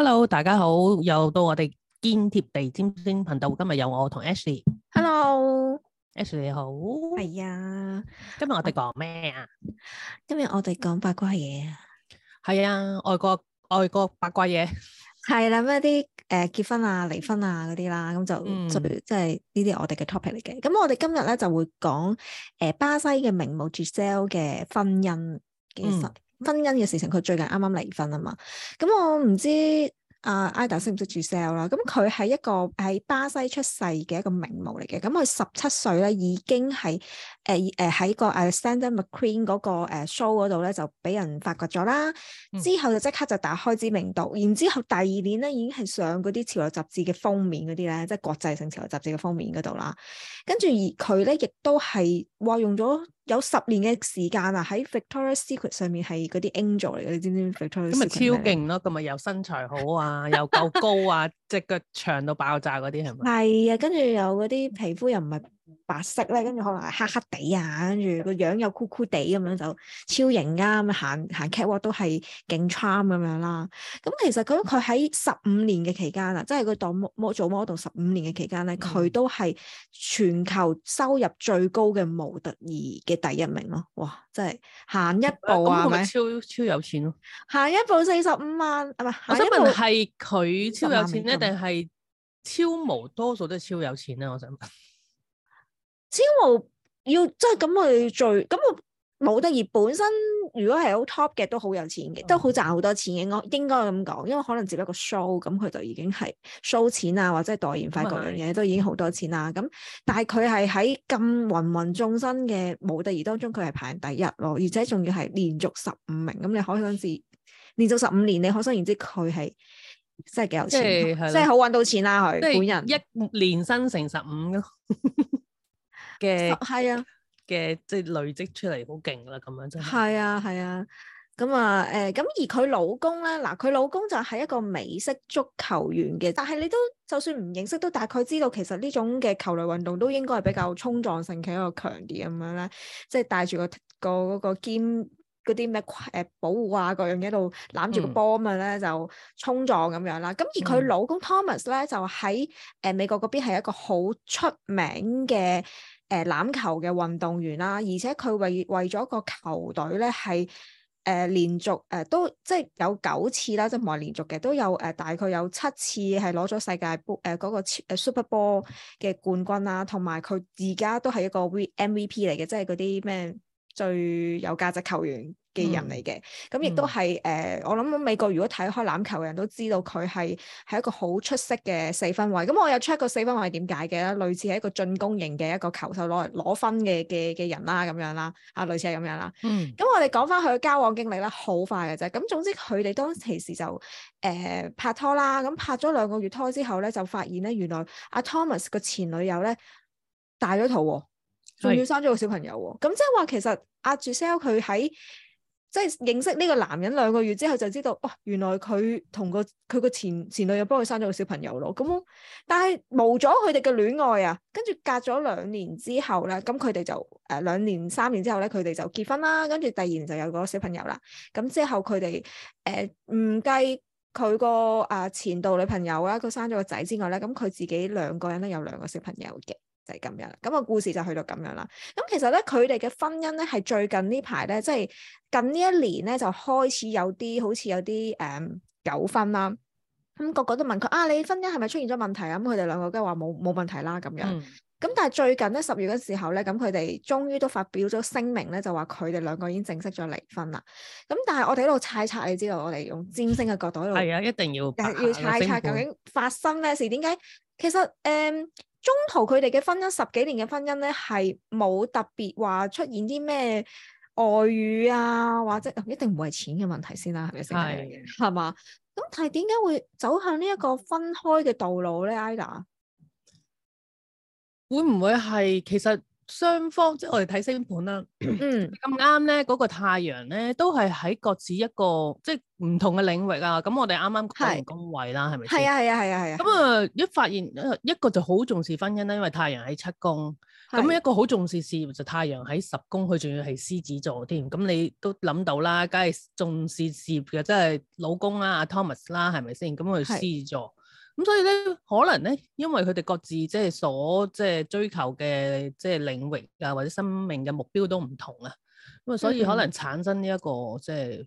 Hello，大家好，又到我哋堅貼地占星頻道。今日有我同 Ashley。Hello，Ashley 你好。係啊呀，今日我哋講咩啊？今日我哋講八卦嘢啊。係啊，外國外國八卦嘢。係啦、啊，咩啲誒結婚啊、離婚啊嗰啲啦，咁就即係、嗯、呢啲我哋嘅 topic 嚟嘅。咁我哋今日咧就會講誒、呃、巴西嘅名模 Gisele 嘅婚姻嘅事。嗯婚姻嘅事情，佢最近啱啱離婚啊嘛，咁我唔知阿 IDA 識唔識住 Gisele 啦。咁佢係一個喺巴西出世嘅一個名模嚟嘅，咁佢十七歲咧已經係誒誒喺個 Alexander McQueen 嗰個 show 嗰度咧就俾人發掘咗啦。之後就即刻就打開知名度，然之後第二年咧已經係上嗰啲潮流雜誌嘅封面嗰啲咧，即係國際性潮流雜誌嘅封面嗰度啦。跟住而佢咧亦都係話用咗，有十年嘅時間啊，喺 Victoria's Secret 上面係嗰啲 Angel 嚟嘅，你知唔知？Victoria's Secret 咁咪超勁咯！咁咪麼又身材好啊，又夠高啊，隻 腳長到爆炸嗰啲係咪？係啊，跟住有嗰啲皮膚又唔係，白色咧，跟住可能係黑黑地啊，跟住個樣又酷酷地咁樣，就超型啊！咁行行 catwalk 都係勁 charm 咁樣啦、啊。咁其實咁佢喺十五年嘅期間啊，嗯、即係佢當模模做 model 十五年嘅期間咧，佢、嗯、都係全球收入最高嘅模特兒嘅第一名咯、啊。哇！真係行一步啊，咪超超有錢咯、啊！行一步四十五萬啊，唔，我想問係佢超有錢咧，定係超模多數都係超有錢咧？我想問。因為要真係咁去聚，咁我 model。本身如果係好 top 嘅，都好有錢嘅，都好賺好多錢嘅。我應該咁講，因為可能接一個 show，咁佢就已經係 show 錢啊，或者係代言費各樣嘢，嗯、都已經好多錢啦。咁但係佢係喺咁芸芸眾生嘅 model 當中，佢係排第一咯。而且仲要係連續十五名。咁你可想而知，連續十五年，你可想而知佢係真係幾有錢，即係好搵到錢啦。佢本人一年薪成十五咯。 嘅係的、哦、啊，嘅即係累積出嚟好勁啦，咁樣真係，係啊係啊，咁啊誒，咁、嗯嗯、而佢老公咧，嗱佢老公就係一個美式足球員嘅，但係你都就算唔認識都大概知道，其實呢種嘅球類運動都應該係比較衝撞性嘅一個強啲咁樣咧，即、就、係、是、帶住個個個肩嗰啲咩誒保護啊各樣嘢度攬住個波啊嘛咧就衝撞咁樣啦，咁、嗯嗯、而佢老公 Thomas 咧就喺誒、呃、美國嗰邊係一個好出名嘅。誒、呃、籃球嘅運動員啦，而且佢為為咗個球隊咧係誒連續誒、呃、都即係有九次啦，即係唔係連續嘅，都有誒、呃、大概有七次係攞咗世界杯誒嗰個 Super Bowl 嘅冠軍啦，同埋佢而家都係一個 v, MVP 嚟嘅，即係嗰啲咩？最有價值球員嘅人嚟嘅，咁亦、嗯、都係誒、嗯呃，我諗美國如果睇開籃球嘅人都知道佢係係一個好出色嘅四分位。咁我有 check 過四分位係點解嘅啦，類似係一個進攻型嘅一個球手攞攞分嘅嘅嘅人啦咁樣啦，啊類似係咁樣啦。咁我哋講翻佢交往經歷咧，好快嘅啫。咁總之佢哋當其時就誒、呃、拍拖啦，咁拍咗兩個月拖之後咧，就發現咧原來阿 Thomas 個前女友咧大咗肚喎。仲要生咗個小朋友喎，咁即係話其實 Gisele 佢喺即係認識呢個男人兩個月之後就知道，哇、哦，原來佢同個佢個前前女友幫佢生咗個小朋友咯。咁、嗯、但係冇咗佢哋嘅戀愛啊，跟住隔咗兩年之後咧，咁佢哋就誒兩、呃、年三年之後咧，佢哋就結婚啦，跟住第二年就有個小朋友啦。咁、嗯、之後佢哋誒唔計佢個啊前度女朋友啊，佢生咗個仔之外咧，咁、嗯、佢自己兩個人都有兩個小朋友嘅。就係咁樣啦，咁、那個故事就去到咁樣啦。咁其實咧，佢哋嘅婚姻咧係最，最近呢排咧，即係近呢一年咧，就開始有啲好似有啲誒、嗯、糾紛啦。咁、嗯、個個都問佢啊，你婚姻係咪出現咗問題啊？咁佢哋兩個都話冇冇問題啦。咁樣。咁、嗯、但係最近咧，十月嘅時候咧，咁佢哋終於都發表咗聲明咧，就話佢哋兩個已經正式咗離婚啦。咁但係我哋喺度猜測，你知道我哋用占星嘅角度、嗯，係啊，一定要要猜測究竟發生咩事？點解其實誒？嗯中途佢哋嘅婚姻，十幾年嘅婚姻咧，係冇特別話出現啲咩外遇啊，或者一定唔係錢嘅問題先啦、啊，係咪先？係，係嘛？咁但係點解會走向呢一個分開嘅道路咧？Ida 會唔會係其實？雙方即係我哋睇星盤啦，咁啱咧嗰個太陽咧都係喺各自一個即係唔同嘅領域啊。咁我哋啱啱宮位啦，係咪先？係啊，係啊，係啊，係啊。咁啊，啊，啊、嗯，一發現一個就好重視婚姻啦，因為太陽喺七宮。咁是、嗯、一個好重視事業就太陽喺十宮，佢仲要係獅子座添。咁你都諗到啦，梗係重視事業嘅，即係老公啦阿 Thomas 啦，係咪先？咁佢獅子座。咁所以咧，可能咧，因為佢哋各自即係所即係追求嘅即係領域啊，或者生命嘅目標都唔同啊，咁啊、嗯，所以可能產生呢一個即係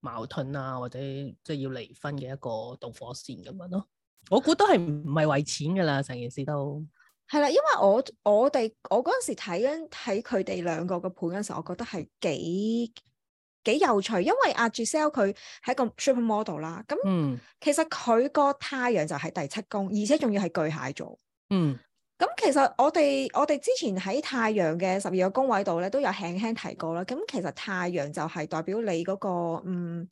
矛盾啊，或者即係要離婚嘅一個導火線咁樣咯。我估都係唔係為錢噶啦，成件事都係啦。因為我我哋我嗰陣時睇緊睇佢哋兩個嘅盤嗰陣時候，我覺得係幾。幾有趣，因為阿 Gisele 佢係一個 super model 啦。咁其實佢個太陽就係第七宮，而且仲要係巨蟹座、嗯那個。嗯，咁其實我哋我哋之前喺太陽嘅十二個宮位度咧都有輕輕提過啦。咁其實太陽就係代表你嗰個嗯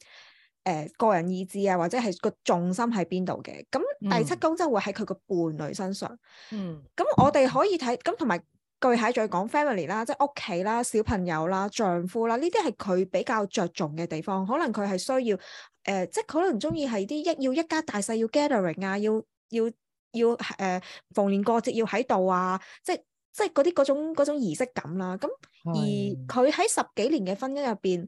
誒個人意志啊，或者係個重心喺邊度嘅。咁第七宮就會喺佢個伴侶身上。嗯，咁我哋可以睇咁同埋。巨蟹再講 family 啦，即係屋企啦、小朋友啦、丈夫啦，呢啲係佢比較着重嘅地方。可能佢係需要誒、呃，即係可能唔中意係啲一要一，要一家大細要 gathering 啊，要要要誒、呃、逢年過節要喺度啊，即係即係嗰啲嗰種嗰種儀式感啦。咁而佢喺十幾年嘅婚姻入邊，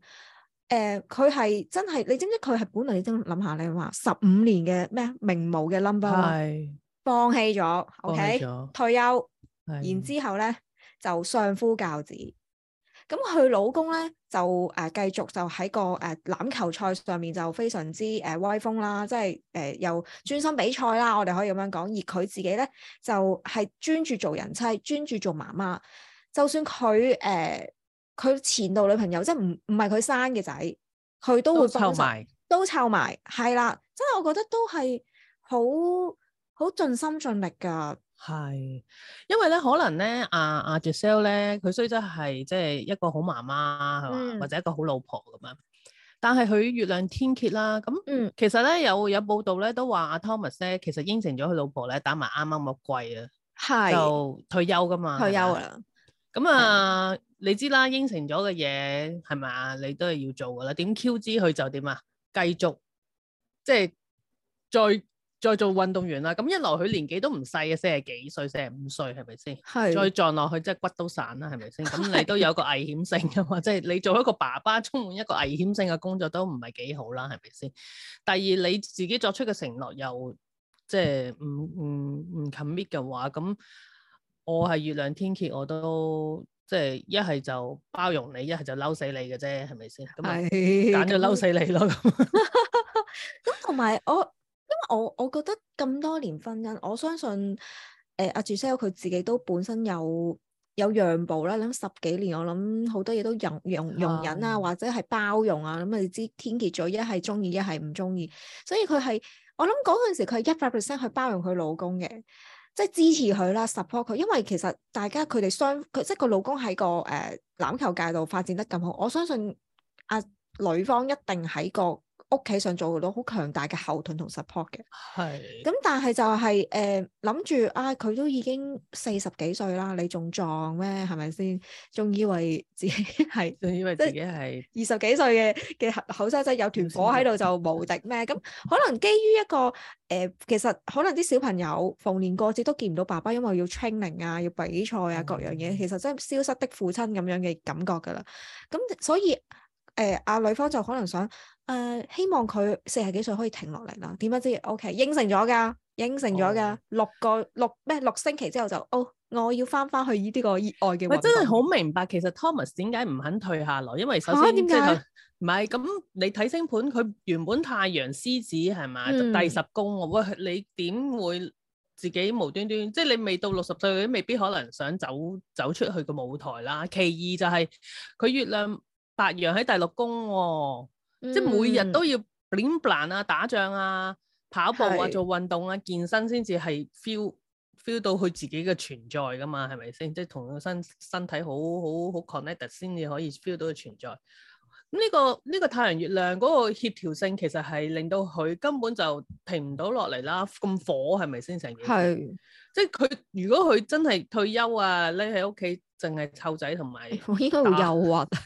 誒佢係真係你知唔知佢係本來已經諗下你話十五年嘅咩名模嘅 number，是放棄咗，OK 棄退休。然之後咧就相夫教子，咁佢老公咧就誒、呃、繼續就喺個誒、呃、籃球賽上面就非常之誒、呃、威風啦，即係誒、呃、又專心比賽啦，我哋可以咁樣講。而佢自己咧就係、是、專注做人妻，專注做媽媽。就算佢誒佢前度女朋友即係唔唔係佢生嘅仔，佢都會幫手，都湊埋係啦。即係我覺得都係好好盡心盡力噶。係，因為咧可能咧，阿阿 Gisele 咧，佢、啊、雖則係即係一個好媽媽，嗯、或者一個好老婆咁樣，但係佢月亮天蠍啦。咁、嗯嗯、其實咧有有報道咧都話阿、啊、Thomas 咧，其實應承咗佢老婆咧打埋啱啱個季啊，是就退休噶嘛，退休、啊、的啦。咁啊，你知啦，應承咗嘅嘢係咪，你都係要做噶啦。點 Q 之佢就點啊，繼，繼續即係再。再再做運動員啦，咁一來佢年紀都唔細嘅，四十幾歲、四十五歲，係咪先？係的。再撞落去，即係骨都散啦，係咪先？咁你都有個危險性啊嘛，即係 你做一個爸爸，充滿一個危險性嘅工作都唔係幾好啦，係咪先？第二你自己作出嘅承諾又即係唔唔唔 commit 嘅話，咁我係月亮天蠍，我都即係一係就包容你，一係就嬲死你嘅啫，係咪先？咁咪揀咗嬲死你咯咁。咁同埋我。我我覺得咁多年婚姻，我相信誒阿 Gisele 佢自己都本身有有讓步啦。諗十幾年，我諗好多嘢都容容容忍啊，或者係包容啊。咁你知天蠍咗，一係中意，一係唔中意。所以佢係我諗嗰陣時，佢係一百 percent 去包容佢老公嘅，即係支持佢啦，support 佢。因為其實大家佢哋雙佢即係個老公喺個誒、呃、籃球界度發展得咁好，我相信阿、呃、女、呃、方一定喺個。屋企上做到好強大嘅後盾同 support 嘅，係咁的，但係就係誒諗住啊，佢都已經四十幾歲啦，你仲撞咩？係咪先？仲以為自己係仲以為自己係二十幾歲嘅嘅後生仔有團火喺度就無敵咩？咁可能基於一個誒、呃，其實可能啲小朋友逢年過節都見唔到爸爸，因為要 training 啊，要比賽啊，各樣嘢，嗯、其實真係消失的父親咁樣嘅感覺㗎啦。咁所以誒，阿、呃、女方就可能想。誒、uh, 希望佢四十幾歲可以停落嚟啦。點解知？OK 應承咗㗎，應承咗㗎。六個六咩？六星期之後就哦，oh, 我要翻翻去呢啲個熱愛嘅。我真係好明白其實 Thomas 點解唔肯退下來，因為首先即係唔係咁你睇星盤，佢原本太陽獅子係咪、嗯、第十宮喎。喂，你點會自己無端端即係、就是、你未到六十歲未必可能想走走出去個舞台啦。其二就係、是、佢月亮白羊喺第六宮喎、哦。即係每日都要鍛鍊啊，打仗啊，跑步啊，做運動啊，是健身先至係 feel feel 到佢自己嘅存在㗎嘛，係咪先？即係同佢身身體好好好 connect，先至可以 feel 到佢存在。呢、這個呢、這個太陽月亮嗰個協調性，其實係令到佢根本就停唔到落嚟啦。咁火係咪先成嘢？係，是即係佢如果佢真係退休啊，匿喺屋企淨係湊仔同埋，我應該會誘惑。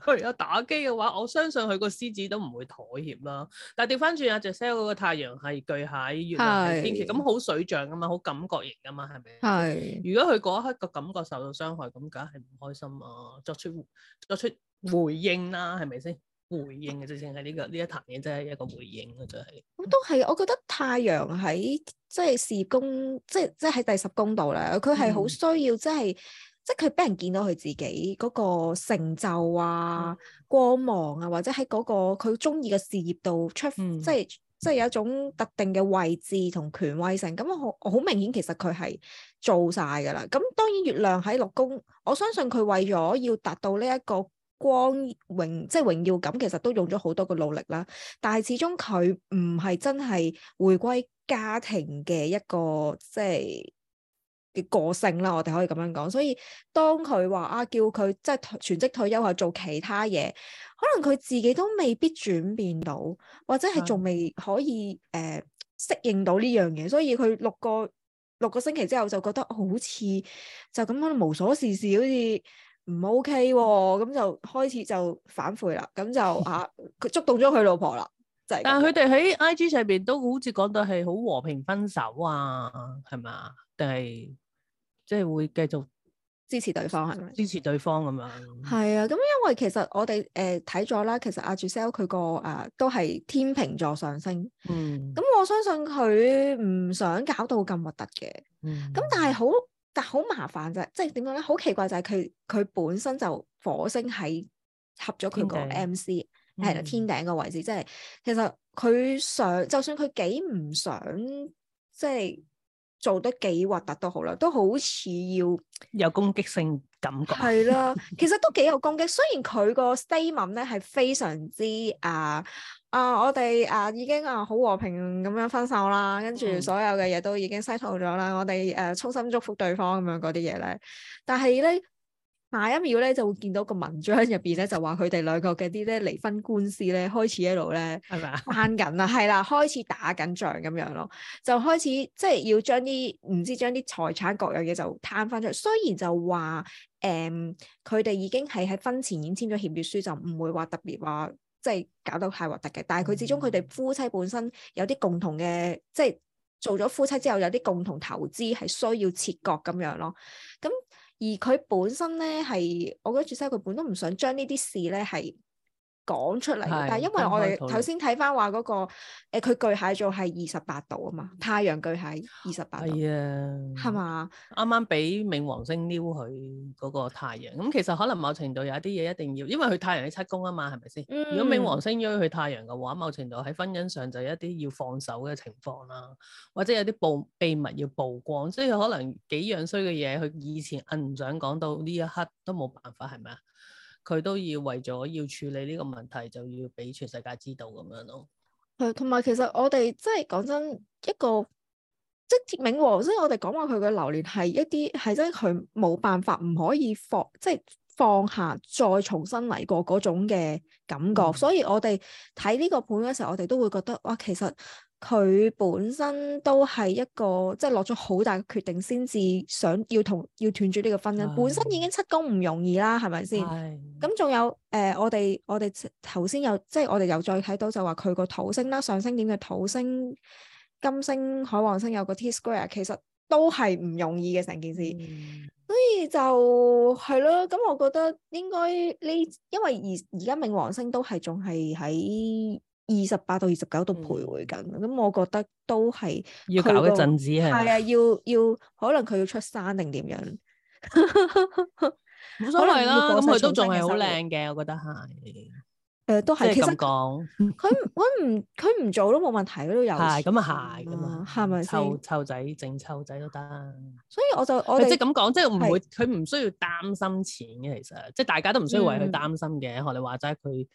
佢有打機嘅話，我相信佢個獅子都唔會妥協啦。但係調翻轉、啊、阿 Gisele 個太陽係巨蟹，月亮係天蠍，咁好水象啊嘛，好感覺型啊嘛，係咪？係是。如果佢嗰一刻個感覺受到傷害，咁梗係唔開心啊！作出作出回應啦，係咪先？回應嘅直情係呢個呢、嗯、一壇嘢真係一個回應嘅，就係、是。咁都係，我覺得太陽喺即係事業宮，即係即係喺第十宮度啦。佢係好需要即係。嗯即係佢俾人見到佢自己嗰個成就啊、光芒啊，或者喺嗰個佢中意嘅事業度出，嗯、即係即係有一種特定嘅位置同權威性。咁我好明顯其實佢係做晒噶啦。咁當然月亮喺六宮，我相信佢為咗要達到呢一個光榮，即係榮耀感，其實都用咗好多嘅努力啦。但係始終佢唔係真係回歸家庭嘅一個，即係。嘅個性啦，我哋可以咁樣講，所以當佢話啊，叫佢即係全職退休去做其他嘢，可能佢自己都未必轉變到，或者係仲未可以誒、呃、適應到呢樣嘢，所以佢六個六個星期之後就覺得好似就咁樣無所事事，好似唔 ok 喎，咁就開始就反悔啦，咁就啊佢觸動咗佢老婆啦。但係佢哋喺 I G 上邊都好似講到係好和平分手啊，係咪？定係即係會繼續支持對方，係支持對方咁樣？係啊，咁因為其實我哋誒睇咗啦，其實阿 Gisele 佢個啊，啊都係天秤座上升，嗯，咁我相信佢唔想搞到咁核突嘅，嗯，咁但係好但好麻煩啫，即係點講咧？好奇怪就係佢佢本身就火星喺合咗佢個 M C。係啦，天頂個位置，即係其實佢想，就算佢幾唔想，即係做得幾核突都好啦，都好似要有攻擊性感覺。係啦，其實都幾有攻擊。 雖然佢個 statement 咧係非常之啊啊，我哋啊已經啊好和平咁樣分手啦，跟住所有嘅嘢都已經 settle 咗啦，我哋誒、啊、衷心祝福對方咁樣嗰啲嘢咧，但係咧。下一秒咧，就會見到個文章入邊咧，就話佢哋兩個嘅啲咧離婚官司咧，開始一路咧，係咪啊，翻緊啦，係啦，開始打緊仗咁樣咯，就開始即係要將啲唔知將啲財產各樣嘢就攤翻出嚟。雖然就話誒，佢哋、嗯、已經係喺婚前已經簽咗協議書，就唔會話特別話即係搞到太核突嘅，但係佢始終佢哋夫妻本身有啲共同嘅，嗯、即係做咗夫妻之後有啲共同投資係需要切割咁樣咯，咁。而佢本身咧係，我覺得朱生佢本都唔想將呢啲事咧係，講出嚟，是但係因為我哋頭先睇翻話嗰個，佢、嗯呃、巨蟹座係二十八度啊嘛，太陽巨蟹二十八度，係啊、哎呀，係嘛吧？啱啱俾冥王星撩佢嗰個太陽，咁其實可能某程度有一啲嘢一定要，因為佢太陽喺七宮啊嘛，係咪先？嗯、如果冥王星邀佢去太陽嘅話，某程度喺婚姻上就有一啲要放手嘅情況啦，或者有啲爆秘密要曝光，即係可能幾樣衰嘅嘢，佢以前摁唔上講到呢一刻都冇辦法，係咪啊？佢都要為咗要處理呢個問題，就要俾全世界知道咁樣咯。係，同埋其實我哋即係講真，真一個，即係貼冥王，即係我哋講話佢嘅流年係一啲，係真佢冇辦法唔可以放，即係放下再重新嚟過嗰種嘅感覺。嗯、所以我哋睇呢個盤嘅時候，我哋都會覺得哇，其實。佢本身都係一個即係落咗好大嘅決定，先至想要同要斷絕呢個婚姻。的本身已經七宮唔容易啦，係咪先？咁仲的有誒、呃，我哋我哋頭先有即係我哋又再睇到就話佢個土星啦、上升點嘅土星、金星、海王星有個 T-square，其實都係唔容易嘅成件事。嗯、所以就係咯，咁我覺得應該呢，因為而而家冥王星都係仲係喺。二十八到二十九度徘徊緊，咁我覺得都係要搞一陣子係。係啊，要要，可能佢要出山定點樣？冇所謂啦，咁佢都仲係好靚嘅，我覺得係。誒，都係其實咁講，佢我唔佢唔做都冇問題，佢都有。係咁啊，係嘅嘛？係咪先？湊湊仔，淨湊仔都得。所以我就我即係咁講，即係唔會佢唔需要擔心錢嘅，其實即係大家都唔需要為佢擔心嘅。我哋話齋佢。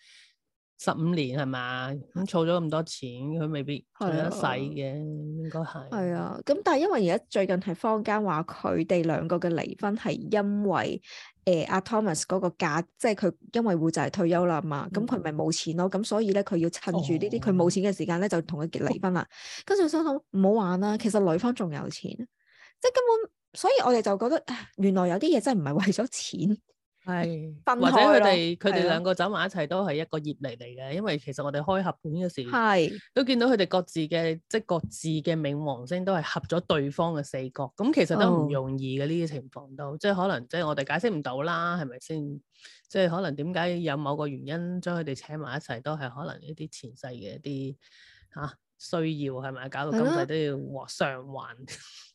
十五年係嘛，咁儲咗咁多錢，佢的未必用得使嘅，的應該係。係啊，咁但係因為而家最近係坊間話佢哋兩個嘅離婚係因為誒阿、呃、Thomas 嗰個價，即係佢因為會就係退休啦嘛，咁佢咪冇錢咯，咁所以咧佢要趁住呢啲佢冇錢嘅時間咧就同佢結離婚啦。哦、跟住我心諗唔好玩啦，其實女方仲有錢，即係根本，所以我哋就覺得原來有啲嘢真係唔係為咗錢。係，或者佢哋佢哋兩個走埋一齊都係一個業力嚟嚟嘅，的因為其實我哋開合盤嘅時，係的都見到佢哋各自嘅即係各自嘅冥王星都係合咗對方嘅四角，咁其實都唔容易嘅，呢啲情況都，即係可能即係我哋解釋唔到啦，係咪先？即係可能點解有某個原因將佢哋請埋一齊，都係可能呢啲前世嘅一啲吓、啊、需要係咪？搞到今世都要和上還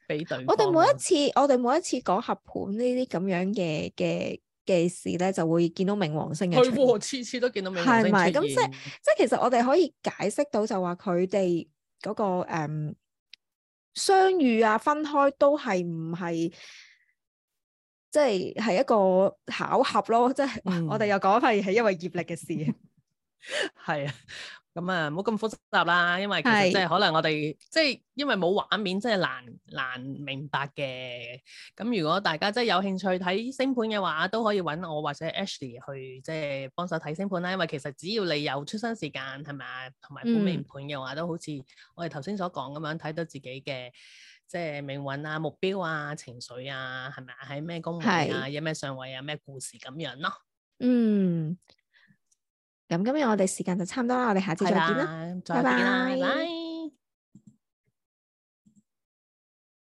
俾對方的 我哋每一次，我哋每一次講合盤呢啲咁樣嘅嘅。嘅事咧，就會見到冥王星嘅出現。次次都見到冥王星出現。係咪？咁即即其實我哋可以解釋到就、那個，就話佢哋嗰個誒相遇啊、分開都係唔係即係係一個巧合咯？即係、嗯、我哋又講翻係因為業力嘅事。係 啊。咁啊，唔好咁複雜啦，因為其實即係可能我哋是即係因為冇畫面，真係難難明白嘅。咁如果大家真係有興趣睇星盤嘅話，都可以搵我或者 Ashley 去即係幫手睇星盤啦。因為其實只要你有出生時間，係咪，同埋本命盤嘅話，嗯、都好似我哋頭先所講咁樣，睇到自己嘅即係命運啊、目標啊、情緒啊，係咪喺咩宮位啊、是有咩上位啊、咩故事咁樣咯。嗯。咁今日我哋時間就差唔多啦，我哋下次再見啦，吧拜拜。